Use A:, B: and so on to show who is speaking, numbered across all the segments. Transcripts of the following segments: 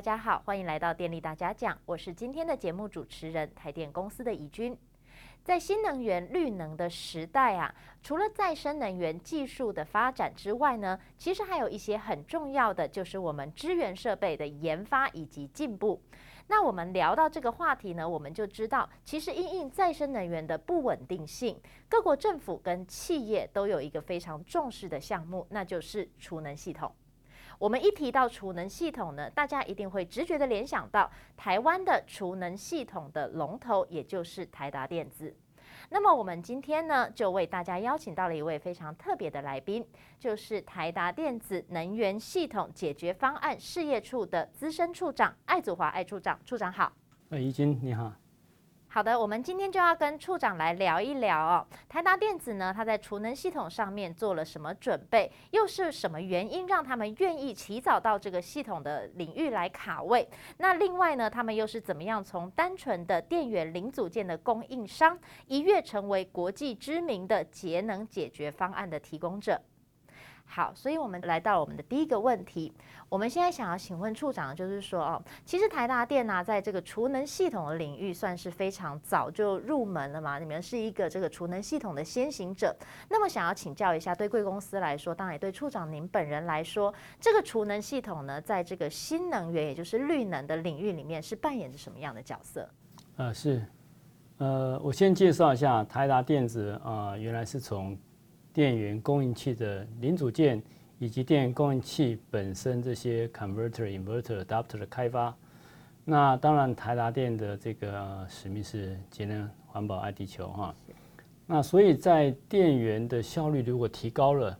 A: 大家好，歡迎來到電力大家講，我是今天的節目主持人台電公司的宜君。在新能源綠能的時代啊，除了再生能源技術的發展之外呢，其實還有一些很重要的，就是我們資源設備的研發以及進步。那我們聊到這個話題呢，我們就知道，其實因應再生能源的不穩定性，各國政府跟企業都有一個非常重視的項目，那就是儲能系統。我們一提到儲能系統呢，大家一定會直覺的聯想到台灣的儲能系統的龍頭，也就是台達電子。那麼我們今天呢，就為大家邀請到了一位非常特別的來賓，就是台達電子能源系統解決方案事業處的資深處長艾祖華，艾處長，處長好。
B: 誒、哎，已經你好。
A: 好的，我們今天就要跟處長來聊一聊哦。台達電子呢，它在儲能系統上面做了什麼準備？又是什麼原因讓他們願意提早到這個系統的領域來卡位？那另外呢，他們又是怎麼樣從單純的電源零組件的供應商，一躍成為國際知名的節能解決方案的提供者？好，所以，我們來到我們的第一個問題。我們現在想要請問處長，就是說，哦，其實台達電呢、啊，在這個儲能系統的領域，算是非常早就入門了嘛？你們是一個這個儲能系統的先行者。那麼，想要請教一下，對貴公司來說，當然也對處長您本人來說，這個儲能系統呢，在這個新能源，也就是綠能的領域裡面，是扮演着什麼樣的角色？
B: 呃，是，呃，我先介紹一下台達電子啊、呃，原來是從。電源供應器的零組件，以及電源供應器本身這些 converter、inverter、adapter 的開發。那當然，台達電的這個使命是節能、環保、愛地球哈。那所以在電源的效率如果提高了，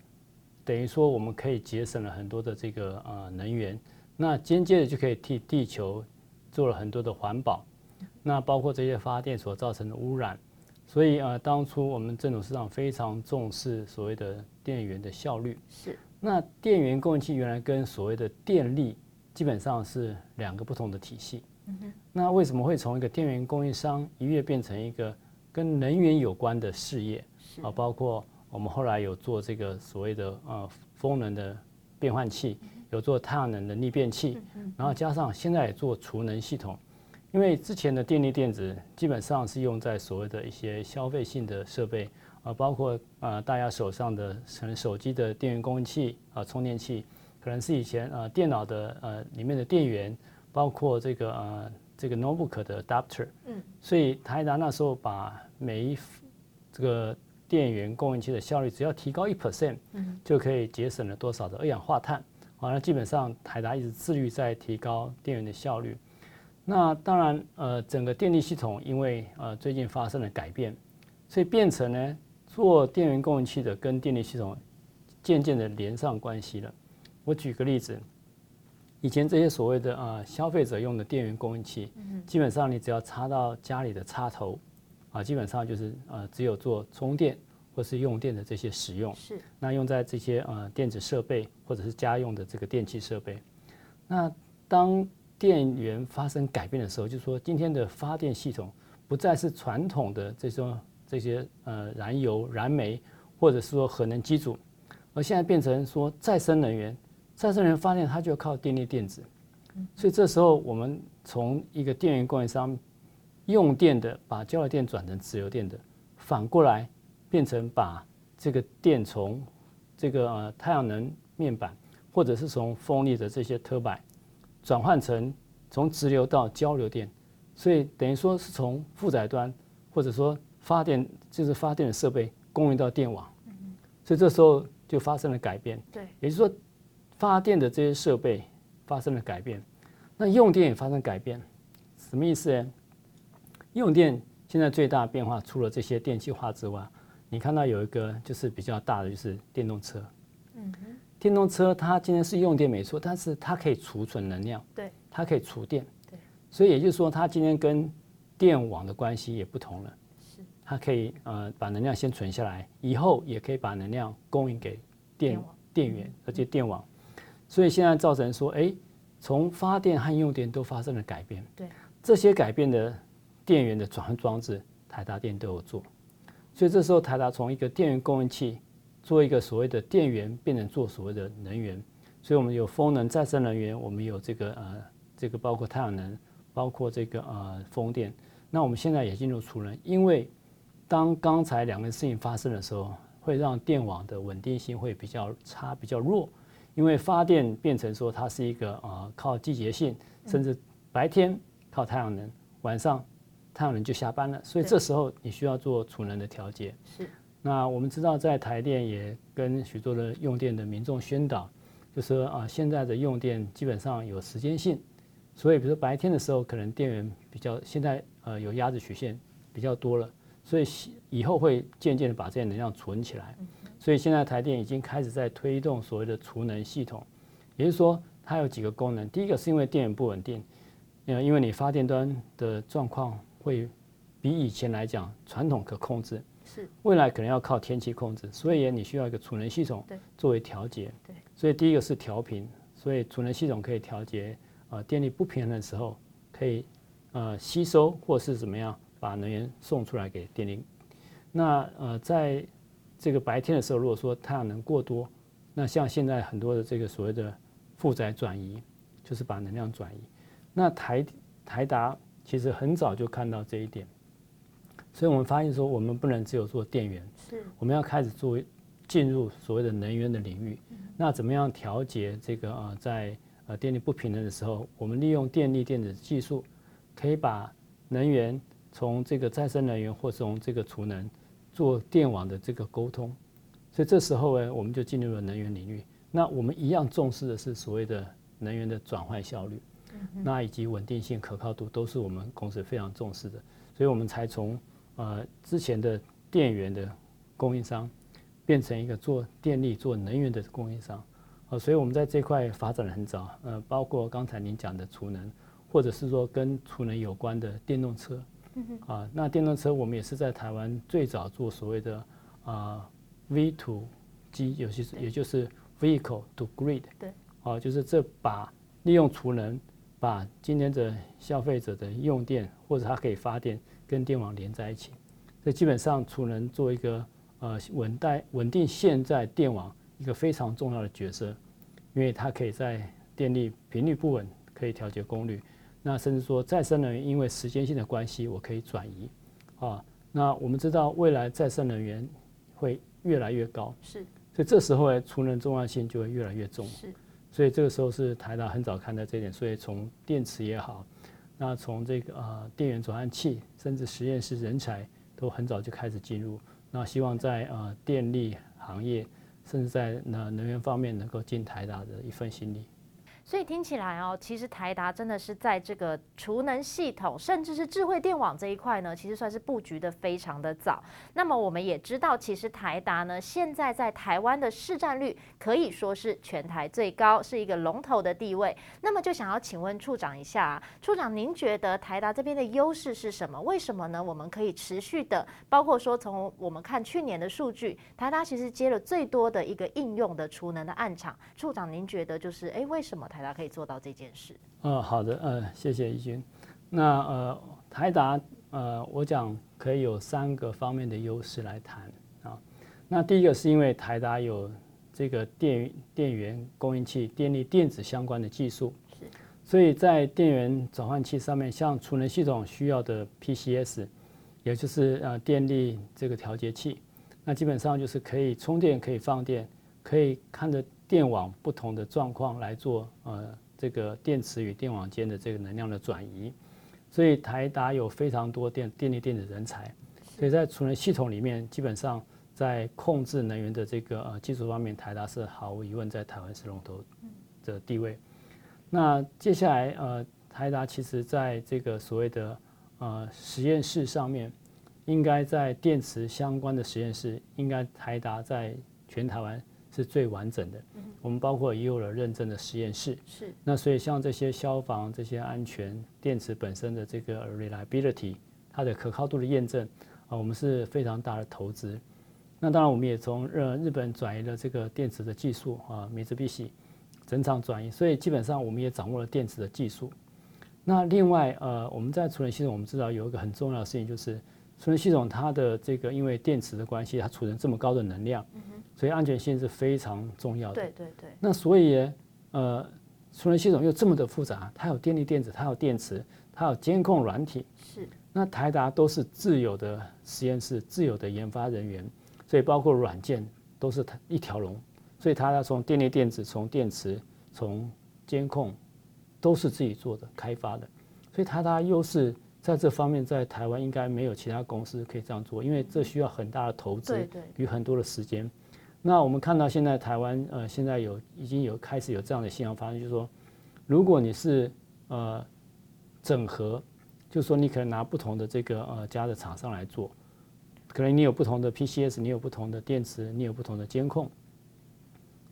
B: 等於說我們可以節省了很多的這個呃能源。那間接的就可以替地球做了很多的環保。那包括這些發電所造成的污染。所以啊、呃，當初我們鄭董事長非常重視所謂的電源的效率。是。那電源供應器原來跟所謂的電力基本上是兩個不同的體系。嗯哼那為什麼會從一個電源供應商一躍變成一個跟能源有關的事業？是啊、呃，包括我們後來有做這個所謂的呃風能的變換器，嗯、哼有做太陽能的逆變器，嗯、哼然後加上現在也做儲能系統。因為之前的電力電子基本上是用在所謂的一些消費性的設備啊、呃，包括啊、呃、大家手上的可能手機的電源供應器啊、呃、充電器，可能是以前啊、呃、電腦的呃裡面的電源，包括這個呃這個 notebook 的 adapter。嗯。所以台達那時候把每一個這個電源供應器的效率只要提高一 percent，嗯。就可以節省了多少的二氧化碳？啊，那基本上台達一直致力於在提高電源的效率。那當然，呃，整個電力系統因為呃最近發生了改變，所以變成呢做電源供應器的跟電力系統漸漸的連上關係了。我舉個例子，以前這些所謂的啊、呃、消費者用的電源供應器，嗯哼。基本上你只要插到家裡的插頭，啊、呃，基本上就是呃只有做充電或是用電的這些使用，是。那用在這些呃電子設備或者是家用的這個電器設備，那當電源發生改變的時候，就是說今天的發電系統不再是傳統的這種這些呃燃油、燃煤，或者是說核能機組，而現在變成說再生能源，再生能源發電它就靠電力電子。所以這時候我們從一個電源供應商用電的，把交流電轉成直流電的，反過來變成把這個電從這個、呃、太陽能面板，或者是從風力的這些 turbine 轉換成從直流到交流電，所以等於說是從負載端或者說發電，就是發電的設備供應到電網，所以這時候就發生了改變。對，也就是說發電的這些設備發生了改變，那用電也發生了改變，什麼意思呢？用電現在最大的變化除了這些電氣化之外，你看到有一個就是比較大的就是電動車。嗯。電動車它今天是用電沒錯，但是它可以儲存能量，對，它可以儲電，對，所以也就是說，它今天跟電網的關係也不同了，是，它可以呃把能量先存下來，以後也可以把能量供應給電，電網，電源，而且電網，嗯，所以現在造成說，誒，從發電和用電都發生了改變，
C: 對，
B: 這些改變的電源的轉換裝置，台達電都有做，所以這時候台達從一個電源供應器。做一個所謂的電源，變成做所謂的能源，所以我們有風能再生能源，我們有這個呃，這個包括太陽能，包括這個呃風電。那我們現在也進入儲能，因為當剛才兩個事情發生的時候，會讓電網的穩定性會比較差，比較弱，因為發電變成說它是一個呃靠季節性，甚至白天靠太陽能，晚上太陽能就下班了，所以這時候你需要做儲能的調節。對是。那我們知道，在台電也跟許多的用電的民眾宣導，就是說啊，現在的用電基本上有時間性，所以比如說白天的時候，可能電源比較現在呃有鴨子曲線比較多了，所以以後會漸漸的把這些能量存起來。所以現在台電已經開始在推動所謂的儲能系統，也就是說它有幾個功能。第一個是因為電源不穩定，因為你發電端的狀況會比以前來講傳統可控制。未來可能要靠天氣控制，所以你需要一個儲能系統作為調節。對，所以第一個是調頻，所以儲能系統可以調節呃電力不平衡的時候，可以呃吸收或是怎麼樣把能源送出來給電力。那呃在這個白天的時候，如果說太陽能過多，那像現在很多的這個所謂的負載轉移，就是把能量轉移。那台台達其實很早就看到這一點。所以我們發現說，我們不能只有做電源，我們要開始做進入所謂的能源的領域。那怎麼樣調節這個啊、呃，在呃電力不平衡的時候，我們利用電力電子技術，可以把能源從這個再生能源或從這個儲能做電網的這個溝通。所以這時候哎，我們就進入了能源領域。那我們一樣重視的是所謂的能源的轉換效率，那以及穩定性、可靠度都是我們公司非常重視的。所以我們才從呃，之前的電源的供應商變成一個做電力、做能源的供應商，啊、呃，所以我們在這塊發展的很早，呃，包括剛才您講的儲能，或者是說跟儲能有關的電動車，啊、呃嗯哼呃，那電動車我們也是在台灣最早做所謂的啊、呃、V2G，有些也就是 Vehicle to Grid，對，啊、呃，就是這把利用儲能。把今天的消費者的用電或者它可以發電，跟電網連在一起。這基本上儲能做一個呃穩穩定現在電網一個非常重要的角色，因為它可以在電力頻率不穩，可以調節功率，那甚至說再生能源因為時間性的關係，我可以轉移啊，那我們知道未來再生能源會越來越高，是，所以這時候呢儲能重要性就會越來越重。是。所以這個時候是台達很早看到這一點，所以從電池也好，那從這個呃電源轉換器，甚至實驗室人才，都很早就開始進入。那希望在呃電力行業，甚至在那能源方面，能夠盡台達的一份心力。
A: 所以聽起來哦，其實台達真的是在這個儲能系統，甚至是智慧電網這一塊呢，其實算是布局得非常的早。那麼我們也知道，其實台達呢現在在台灣的市占率可以說是全台最高，是一個龍頭的地位。那麼就想要請問處長一下啊，處長您覺得台達這邊的優勢是什麼？為什麼呢？我們可以持續的，包括說從我們看去年的數據，台達其實接了最多的一個應用的儲能的案場。處長您覺得就是，哎，為什麼台？
B: 台達可以做到這件事。嗯、呃，好的，嗯、呃，謝謝一軍。那呃，台達呃，我講可以有三個方面的優勢來談啊。那第一個是因為台達有這個電電源供應器、電力電子相關的技術，是。所以在電源轉換器上面，像儲能系統需要的 PCS，也就是呃電力這個調節器，那基本上就是可以充電、可以放電、可以看着。電網不同的狀況來做呃這個電池與電網間的這個能量的轉移，所以台達有非常多電電力電子人才，是所以在儲能系統裡面，基本上在控制能源的這個呃技術方面，台達是毫無疑問在台灣是龍頭的地位。嗯、那接下來呃台達其實在這個所謂的呃實驗室上面，應該在電池相關的實驗室，應該台達在全台灣，是最完整的。嗯、我們包括也有了認證的實驗室。是。那所以像這些消防、這些安全、電池本身的這個 reliability，它的可靠度的驗證啊、呃，我們是非常大的投資。那當然，我們也從日日本轉移了這個電池的技術啊，Mitsubishi 整廠轉移，所以基本上我們也掌握了電池的技術。那另外呃，我們在儲能系統，我們知道有一個很重要的事情就是。儲能系統它的這個，因為電池的關係，它儲存這麼高的能量，嗯、哼所以安全性是非常重要的。對對對。那所以，呃，儲能系統又這麼的複雜，它有電力電子，它有電池，它有監控軟體。
C: 是。
B: 那台達都是自有的實驗室，自有的研發人員，所以包括軟件都是它一條龍。所以它要從電力電子、從電池、從監控，都是自己做的開發的。所以它它又是。在這方面，在台灣應該沒有其他公司可以這樣做，因為這需要很大的投資、對、對與、嗯、很多的時間。那我們看到現在台灣，呃，現在有已經有開始有這樣的現象發生，就是說，如果你是呃整合，就是說你可能拿不同的這個呃家的廠商來做，可能你有不同的 P C S，你有不同的電池，你有不同的監控，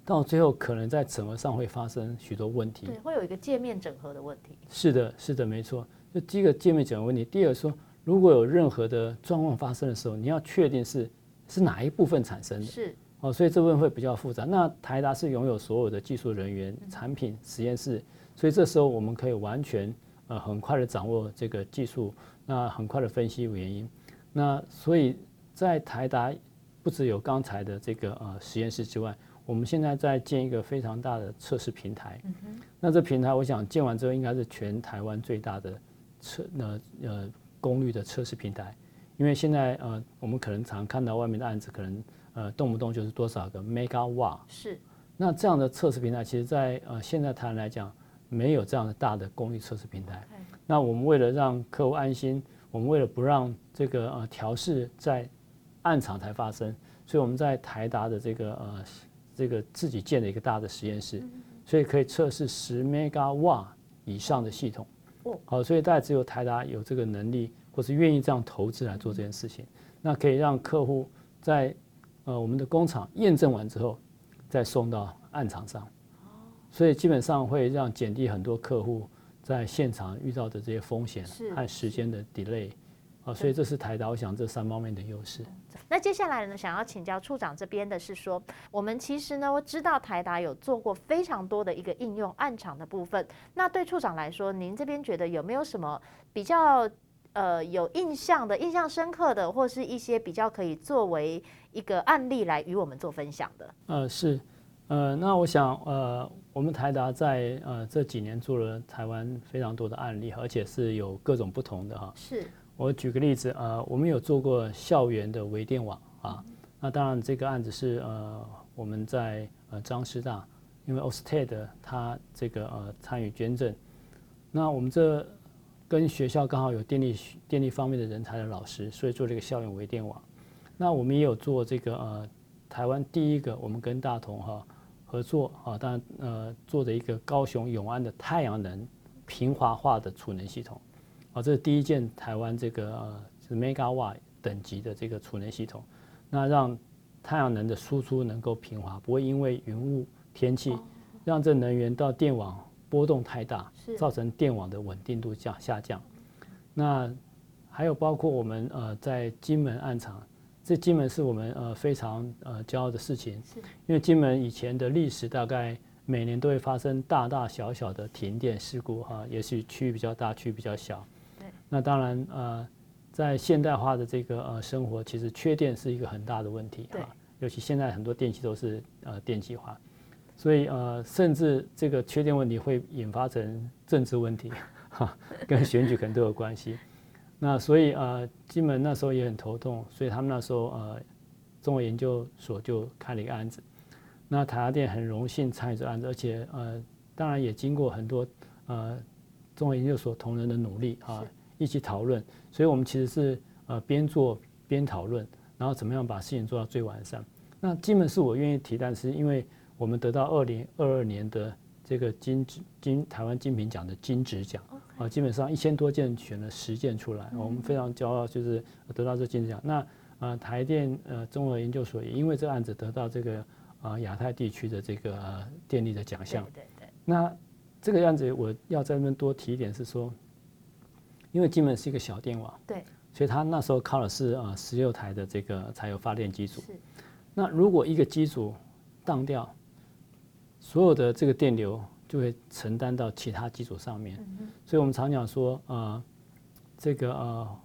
B: 到最後可能在整合上會發生許多問題。對，會
A: 有一個界面整合
B: 的問題。是的，是的，沒錯。就第一個界面講的問題，第二個說如果有任何的狀況發生的時候，你要確定是是哪一部分產生的，是哦，所以這部分會比較複雜。那台達是擁有所有的技術人員、產品、實驗室，所以這時候我們可以完全呃很快的掌握這個技術，那很快的分析原因。那所以在台達不只有剛才的這個呃實驗室之外，我們現在在建一個非常大的測試平台，嗯、哼那這平台我想建完之後應該是全台灣最大的。測那呃功率的測試平台，因為現在呃我們可能常看到外面的案子，可能呃動不動就是多少個 mega 瓦是。那這樣的測試平台，其實在呃現在台灣來講，沒有這樣的大的功率測試平台 Okay。那我們為了讓客戶安心，我們為了不讓這個呃調試在暗場才發生，所以我們在台達的這個呃這個自己建了一個大的實驗室，所以可以測試十 mega 瓦以上的系統。好，所以大概只有台達有這個能力，或是願意這樣投資來做這件事情，那可以讓客戶在呃我們的工廠驗證完之後，再送到案場上，所以基本上會讓減低很多客戶在現場遇到的這些風險和時間的 delay。所以這是台達，我想這三方面的優勢。
A: 那接下來呢，想要請教處長這邊的是說，我們其實呢，我知道台達有做過非常多的一個應用案場的部分。那對處長來說，您這邊覺得有沒有什麼比較呃有印象的、印象深刻的，或是一些比較可以作為一個案例來與我們做分享的？
B: 呃，是，呃，那我想，呃，我們台達在呃這幾年做了台灣非常多的案例，而且是有各種不同的哈。是。我舉個例子啊、呃，我們有做過校園的微電網啊。那當然這個案子是呃我們在呃彰師大，因為 Ørsted 他這個呃參與捐贈，那我們這跟學校剛好有電力電力方面的人才的老師，所以做這個校園微電網。那我們也有做這個呃台灣第一個，我們跟大同哈，啊、合作啊，當然呃做的一個高雄永安的太陽能平滑化的儲能系統。這是第一件台灣這個呃是 Megawatt 等級的這個儲能系統，那讓太陽能的輸出能夠平滑，不會因為雲霧天氣讓這能源到電網波動太大，造成電網的穩定度降下降。是那還有包括我們呃在金門案場，這金門是我們呃非常呃驕傲的事情，是，因為金門以前的歷史大概每年都會發生大大小小的停電事故哈，也許區域比較大，區域比較小。那當然，呃，在現代化的這個呃生活，其實缺電是一個很大的問題，啊。對尤其現在很多電器都是呃電氣化，所以呃，甚至這個缺電問題會引發成政治問題，哈、啊，跟選舉可能都有關係。 那所以呃，金門那時候也很頭痛，所以他們那時候呃，綜合研究所就開了一個案子。那台達電很榮幸參與這個案子，而且呃，當然也經過很多呃綜合研究所同仁的努力，啊、呃。一起討論，所以我們其實是呃邊做邊討論，然後怎麼樣把事情做到最完善。那基本是我願意提，但是因為我們得到二零二二年的這個金金台灣精品獎的金質獎啊，Okay. 基本上一千多件選了十件出來，嗯、我們非常驕傲，就是得到這金質獎。那啊、呃、台電呃綜合研究所也因為這個案子得到這個啊亞、呃、太地區的這個、呃、電力的獎項。對，對對。那這個案子我要在這邊多提一點是說。因為金門是一個小電網，對，所以他那時候靠的是呃十六台的這個柴油發電機組。是那如果一個機組當掉，所有的這個電流就會承擔到其他機組上面。嗯、哼所以，我們常講說，呃，這個呃，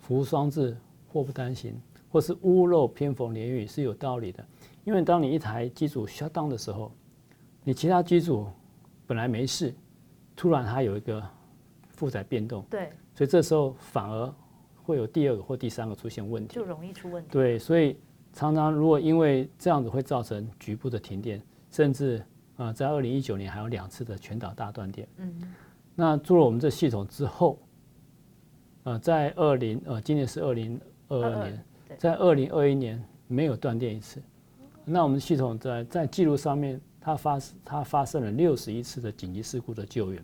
B: 福無雙至，禍不單行，或是屋漏偏逢連雨，是有道理的。因為當你一台機組需要當的時候，你其他機組本來沒事，突然它有一個。負載變動，對，所以這時候反而會有第二個或第三個出現問題，就
A: 容易出問題。
B: 對，所以常常如果因為這樣子會造成局部的停電，甚至啊、呃，在二零一九年還有兩次的全島大斷電。嗯。那做了我們這系統之後，啊、呃，在二零呃今年是二零二二年，啊、在二零二一年沒有斷電一次。那我們系統在在記錄上面，它發它發生了六十一次的緊急事故的救援。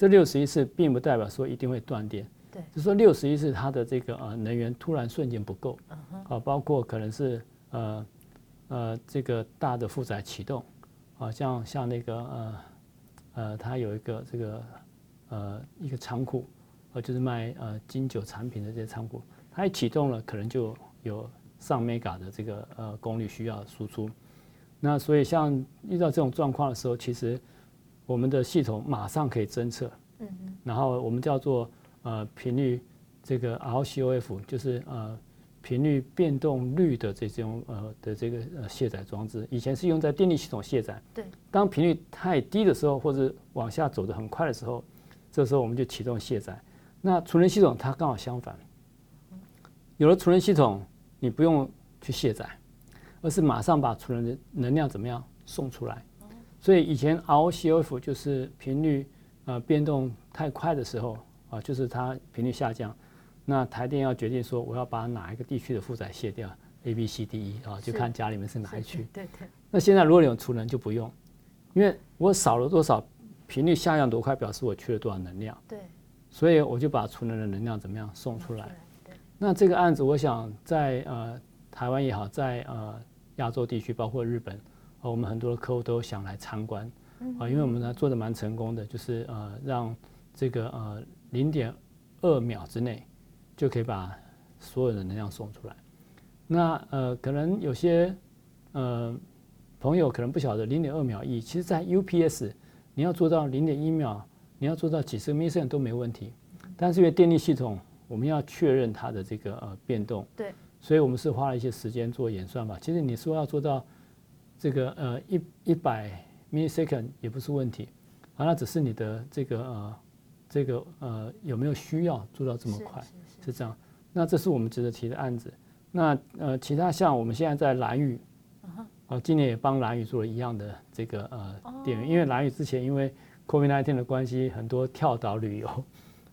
B: 這六十一次並不代表說一定會斷電，對，就說六十一次它的這個呃能源突然瞬間不夠，啊、uh huh. 呃，包括可能是呃呃這個大的負載啟動，啊、呃、像像那個呃呃它有一個這個呃一個倉庫，啊、呃、就是賣呃金酒產品的這些倉庫，它一啟動了，可能就有上 mega 的這個呃功率需要輸出，那所以像遇到這種狀況的時候，其實。我們的系統馬上可以偵測，嗯，然後我們叫做呃頻率這個 RCOF，就是呃頻率變動率的這種呃的這個呃卸載裝置，以前是用在電力系統卸載，對，當頻率太低的時候或者往下走得很快的時候，這時候我們就啟動卸載。那儲能系統它剛好相反，有了儲能系統，你不用去卸載，而是馬上把儲能的能量怎麼樣送出來。所以以前 ROCOF 就是頻率呃變動太快的時候啊、呃，就是它頻率下降，那台電要決定說我要把哪一個地區的負載卸掉 A、B、C、D、E 啊，就看家裡面是哪一區。對
C: 對。
B: 那現在如果你有儲能就不用，因為我少了多少頻率下降多快，表示我缺了多少能量。對。所以我就把儲能的能量怎麼樣送出來。出來對。那這個案子，我想在呃台灣也好，在呃亞洲地區，包括日本。我們很多的客戶都想來參觀啊，因為我們呢做的蠻成功的，就是呃讓這個呃零點二秒之內就可以把所有的能量送出來。那呃可能有些呃朋友可能不曉得零點二秒意義，其實，在 UPS 你要做到零點一秒，你要做到幾十個 mission 都沒問題。但是因為電力系統，我們要確認它的這個呃變動，對，所以我們是花了一些時間做演算吧。其實你說要做到。這個呃一一百 millisecond 也不是問題，啊，那只是你的這個呃這個呃有沒有需要做到這麼快是，是，是，是這樣，那這是我們值得提的案子。那呃其他像我們現在在蘭嶼，啊、呃、今年也幫蘭嶼做了一樣的這個呃電源，哦，因為蘭嶼之前因為 COVID-19 的關係，很多跳島旅遊，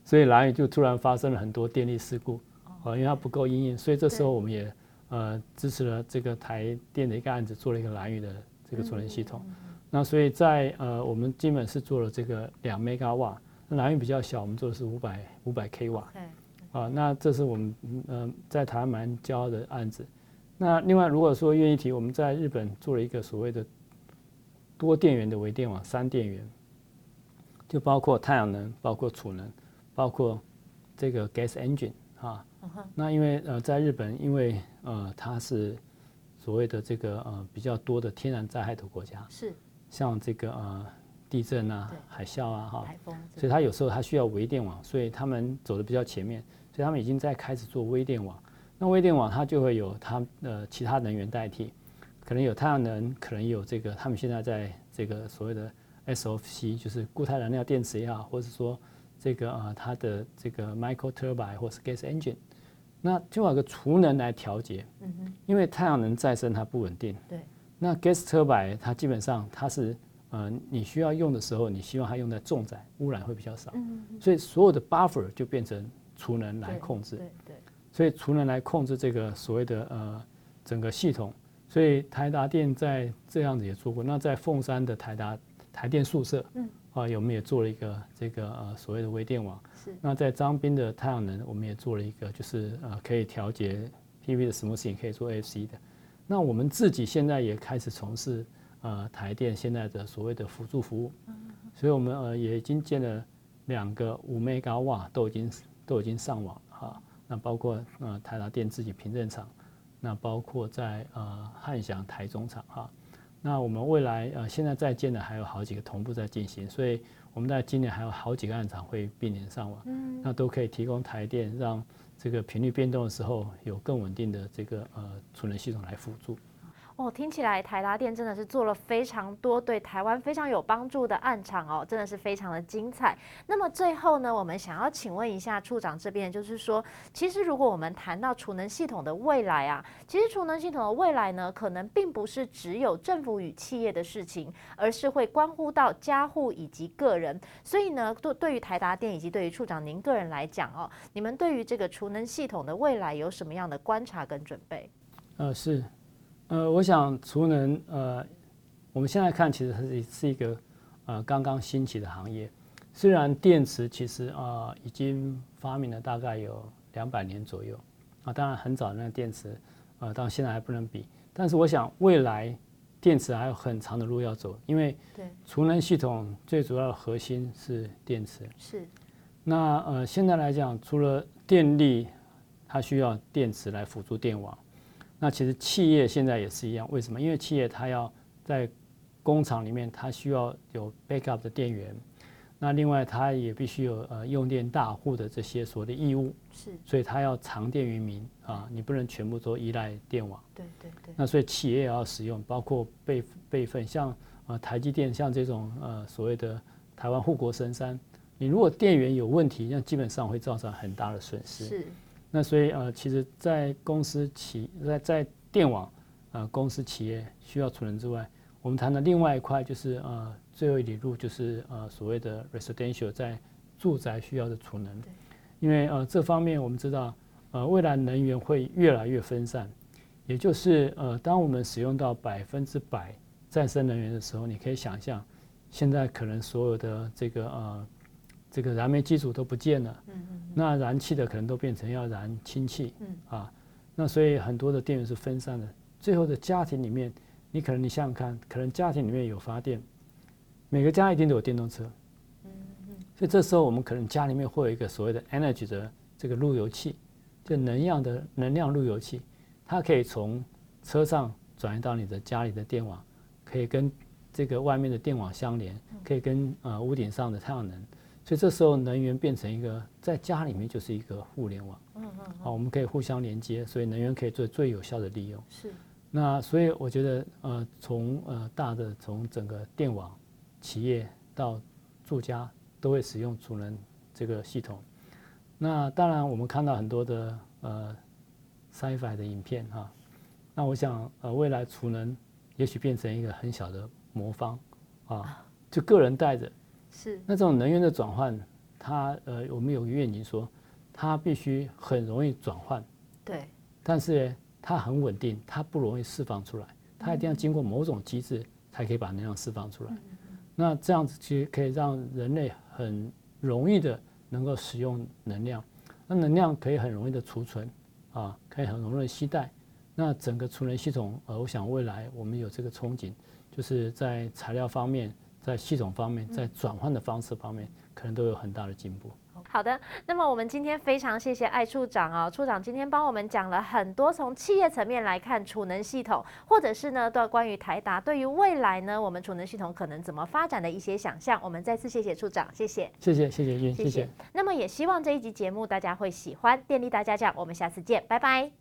B: 所以蘭嶼就突然發生了很多電力事故，啊、呃，因為它不夠陰影，所以這時候我們也。呃，支持了這個台電的一個案子，做了一個蘭嶼的這個儲能系統。嗯嗯嗯、那所以在呃，我們基本是做了這個兩 megawatt，那蘭嶼比較小，我們做的是五百五百 k 瓦。啊，那這是我們呃在台灣蠻驕傲的案子。那另外如果說願意提，我們在日本做了一個所謂的多電源的微電網，三電源，就包括太陽能，包括儲能，包括這個 gas engine 啊。那因為呃，在日本，因為呃，它是所謂的這個呃比較多的天然災害的國家，是像這個呃地震啊、對海嘯啊、哈，風所以它有時候它需要微電網，所以他們走的比較前面，所以他們已經在開始做微電網。那微電網它就會有它呃，其他能源代替，可能有太陽能，可能有這個他們現在在這個所謂的 SOFC，就是固態燃料電池也好，或者說這個呃它的這個 micro turbine 或是 gas engine。那就有個儲能來調節，
C: 嗯、哼
B: 因為太陽能再生它不穩定。對那 gas turbine 它基本上它是、呃、你需要用的時候，你希望它用在重載，污染會比較少。嗯、哼所以所有的 buffer 就變成儲能來控制。所以儲能來控制這個所謂的呃整個系統。所以台達電在這樣子也做過，那在鳳山的台達台電宿舍。嗯啊，我們也做了一個這個呃所謂的微電網，是。那在彰濱的太陽能，我們也做了一個，就是呃可以調節 PV 的 smoothing，可以做 AFC 的。那我們自己現在也開始從事呃台電現在的所謂的輔助服務，所以我們呃也已經建了兩個五兆瓦，都已經都已經上網哈、啊。那包括呃台達電自己平鎮廠，那包括在呃漢翔台中廠哈。啊那我們未來呃，現在在建的還有好幾個同步在進行，所以我們在今年還有好幾個案場會併聯上網，嗯，那都可以提供台電，讓這個頻率變動的時候有更穩定的這個呃儲能系統來輔助。
A: 哦，聽起來台達電真的是做了非常多對台灣非常有幫助的案場。哦，真的是非常的精彩。那麼最後呢，我們想要請問一下處長這邊，就是說，其實如果我們談到儲能系統的未來啊，其實儲能系統的未來呢，可能並不是只有政府與企業的事情，而是會關乎到家戶以及個人。所以呢，對對於台達電以及對於處長您個人來講哦，你們對於這個儲能系統的未來有什麼樣的觀察跟準備？
B: 呃，是。呃，我想儲能，呃，我們現在看其實它是是一個呃剛剛興起的行業。雖然電池其實啊，呃，已經發明了大概有兩百年左右啊，當然很早的那個電池，呃，到現在還不能比。但是我想未來電池還有很長的路要走，因為對，儲能系統最主要的核心是電池。是。那呃現在來講，除了電力，它需要電池來輔助電網。那其實企業現在也是一樣，為什麼？因為企業它要在工廠裡面，它需要有 backup 的電源。那另外，它也必須有呃用電大戶的這些所謂的義務，嗯、是。所以它要藏電於民啊，你不能全部都依賴電網。對對對。對對，那所以企業也要使用，包括備備份，像啊、呃、台積電像這種呃所謂的台灣護國神山，你如果電源有問題，那基本上會造成很大的損失。是。那所以呃，其實，在公司企在在電網，呃，公司企業需要儲能之外，我們談的另外一塊就是呃，最後一哩路就是呃，所謂的 residential 在住宅需要的儲能，對因為呃，這方面我們知道，呃，未來能源會越來越分散，也就是呃，當我們使用到百分之百再生能源的時候，你可以想象，現在可能所有的這個呃。這個燃煤機組都不見了，嗯、哼那燃氣的可能都變成要燃氫氣，嗯、啊，那所以很多的電源是分散的。最後的家庭裡面，你可能你想想看，可能家庭裡面有發電，每個家一定都有電動車，嗯、哼所以這時候我們可能家裡面會有一個所謂的 energy 的這個路由器，就能量的能量路由器，它可以從車上轉移到你的家裡的電網，可以跟這個外面的電網相連，可以跟呃屋頂上的太陽能。所以這時候能源變成一個在家裡面就是一個互聯網，嗯
C: 嗯，好、嗯嗯啊，我們
B: 可以互相連接，所以能源可以做最有效的利用。是，那所以我覺得呃，從呃大的從整個電網企業到住家都會使用儲能這個系統。那當然我們看到很多的呃 Sci-Fi 的影片哈、啊，那我想呃未來儲能也許變成一個很小的魔方啊，就個人帶着。是，那這種能源的轉換，它呃，我們有個願景說，它必須很容易轉換，對。但是它很穩定，它不容易釋放出來，
C: 它一定要經
B: 過某種機製才可以把能量釋放出來。嗯。那這樣子其實可以讓人類很容易的能夠使用能量，那能量可以很容易的儲存，啊，可以很容易的攜帶。那整個儲能系統，呃，我想未來我們有這個憧憬，就是在材料方面。在系統方面，在轉換的方式方面，可能都有很大的進步。
A: 好的，那麼我們今天非常謝謝艾處長啊、哦，處長今天幫我們講了很多從企業層面來看儲能系統，或者是呢，都要關於台達對於未來呢我們儲能系統可能怎麼發展的一些想象，我們再次謝謝處長，謝謝，
B: 謝謝，謝謝謝謝。謝謝。
A: 那麼也希望這一集節目大家會喜歡，電力大家講，我們下次見，拜拜。